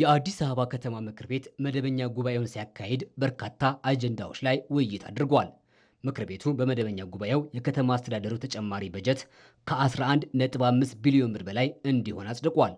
የአዲስ አበባ ከተማ ምክር ቤት መደበኛ ጉባኤውን ሲያካሂድ በርካታ አጀንዳዎች ላይ ውይይት አድርጓል። ምክር ቤቱ በመደበኛ ጉባኤው የከተማ አስተዳደሩ ተጨማሪ በጀት ከ11.5 ቢሊዮን ብር በላይ እንዲሆን አጽድቋል።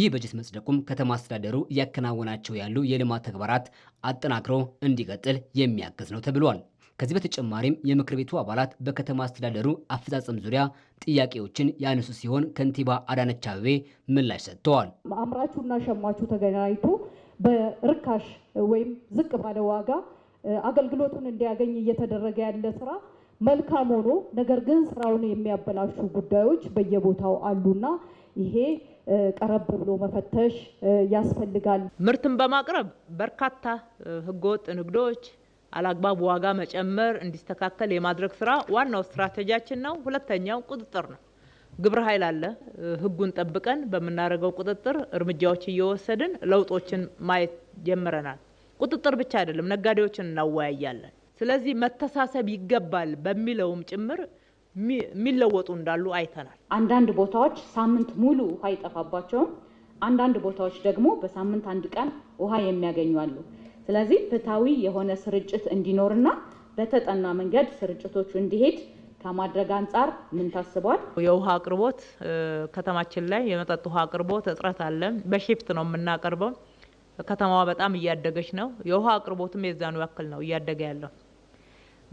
ይህ በጀት መጽደቁም ከተማ አስተዳደሩ እያከናወናቸው ያሉ የልማት ተግባራት አጠናክሮ እንዲቀጥል የሚያግዝ ነው ተብሏል። ከዚህ በተጨማሪም የምክር ቤቱ አባላት በከተማ አስተዳደሩ አፈጻጸም ዙሪያ ጥያቄዎችን ያነሱ ሲሆን ከንቲባ አዳነች አቤቤ ምላሽ ሰጥተዋል። አምራቹና ሸማቹ ተገናኝቶ በርካሽ ወይም ዝቅ ባለ ዋጋ አገልግሎቱን እንዲያገኝ እየተደረገ ያለ ስራ መልካም ሆኖ ነገር ግን ስራውን የሚያበላሹ ጉዳዮች በየቦታው አሉና ይሄ ቀረብ ብሎ መፈተሽ ያስፈልጋል። ምርትን በማቅረብ በርካታ ህገወጥ ንግዶች አላግባብ ዋጋ መጨመር እንዲስተካከል የማድረግ ስራ ዋናው ስትራቴጂያችን ነው። ሁለተኛው ቁጥጥር ነው። ግብረ ኃይል አለ። ህጉን ጠብቀን በምናደርገው ቁጥጥር እርምጃዎች እየወሰድን ለውጦችን ማየት ጀምረናል። ቁጥጥር ብቻ አይደለም፣ ነጋዴዎችን እናወያያለን። ስለዚህ መተሳሰብ ይገባል በሚለውም ጭምር የሚለወጡ እንዳሉ አይተናል። አንዳንድ ቦታዎች ሳምንት ሙሉ ውሃ አይጠፋባቸውም። አንዳንድ ቦታዎች ደግሞ በሳምንት አንድ ቀን ውሃ የሚያገኙ አሉ። ስለዚህ ፍትሐዊ የሆነ ስርጭት እንዲኖርና በተጠና መንገድ ስርጭቶቹ እንዲሄድ ከማድረግ አንጻር ምን ታስቧል? የውሃ አቅርቦት ከተማችን ላይ የመጠጥ ውሃ አቅርቦት እጥረት አለ። በሽፍት ነው የምናቀርበው። ከተማዋ በጣም እያደገች ነው። የውሃ አቅርቦትም የዛኑ ያክል ነው እያደገ ያለው።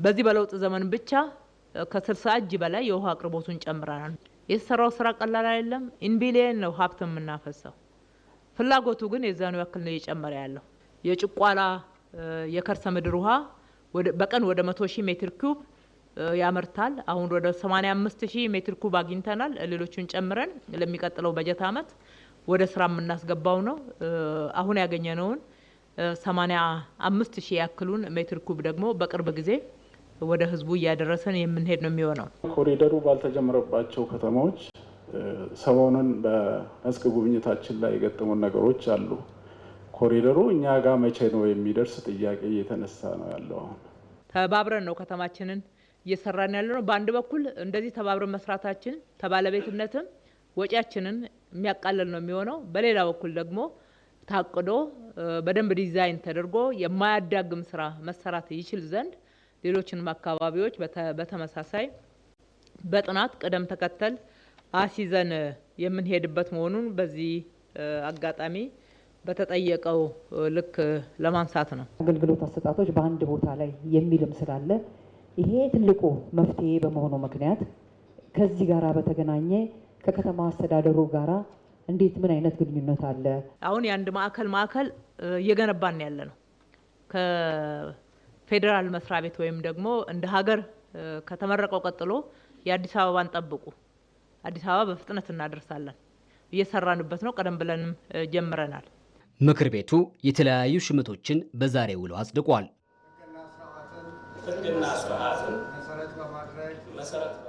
በዚህ በለውጥ ዘመን ብቻ ከስልሳ እጅ በላይ የውሃ አቅርቦቱን ጨምረናል። የተሰራው ስራ ቀላል አይደለም። ኢንቢሊየን ነው ሀብት የምናፈሰው። ፍላጎቱ ግን የዛኑ ያክል ነው እየጨመረ ያለው። የጭቋላ የከርሰ ምድር ውሃ በቀን ወደ 100 ሺህ ሜትር ኩብ ያመርታል። አሁን ወደ 85 ሺህ ሜትር ኩብ አግኝተናል። ሌሎቹን ጨምረን ለሚቀጥለው በጀት አመት ወደ ስራ የምናስገባው ነው። አሁን ያገኘነውን 85 ሺህ ያክሉን ሜትር ኩብ ደግሞ በቅርብ ጊዜ ወደ ህዝቡ እያደረሰን የምንሄድ ነው የሚሆነው። ኮሪደሩ ባልተጀመረባቸው ከተማዎች ሰሞኑን በመስክ ጉብኝታችን ላይ የገጠሙን ነገሮች አሉ። ኮሪደሩ እኛ ጋር መቼ ነው የሚደርስ ጥያቄ እየተነሳ ነው ያለው። ተባብረን ነው ከተማችንን እየሰራን ያለ ነው። በአንድ በኩል እንደዚህ ተባብረን መስራታችን ተባለቤትነትም ወጪያችንን የሚያቃለል ነው የሚሆነው። በሌላ በኩል ደግሞ ታቅዶ በደንብ ዲዛይን ተደርጎ የማያዳግም ስራ መሰራት ይችል ዘንድ ሌሎችንም አካባቢዎች በተመሳሳይ በጥናት ቅደም ተከተል አሲዘን የምንሄድበት መሆኑን በዚህ አጋጣሚ በተጠየቀው ልክ ለማንሳት ነው። አገልግሎት አሰጣጦች በአንድ ቦታ ላይ የሚልም ስላለ ይሄ ትልቁ መፍትሄ በመሆኑ ምክንያት ከዚህ ጋራ በተገናኘ ከከተማ አስተዳደሩ ጋራ እንዴት ምን አይነት ግንኙነት አለ? አሁን የአንድ ማዕከል ማዕከል እየገነባን ያለ ነው። ከፌዴራል መስሪያ ቤት ወይም ደግሞ እንደ ሀገር ከተመረቀው ቀጥሎ የአዲስ አበባን ጠብቁ፣ አዲስ አበባ በፍጥነት እናደርሳለን እየሰራንበት ነው። ቀደም ብለንም ጀምረናል። ምክር ቤቱ የተለያዩ ሹመቶችን በዛሬ ውሎ አጽድቋል። ሕግና ስርዓትን መሰረት በማድረግ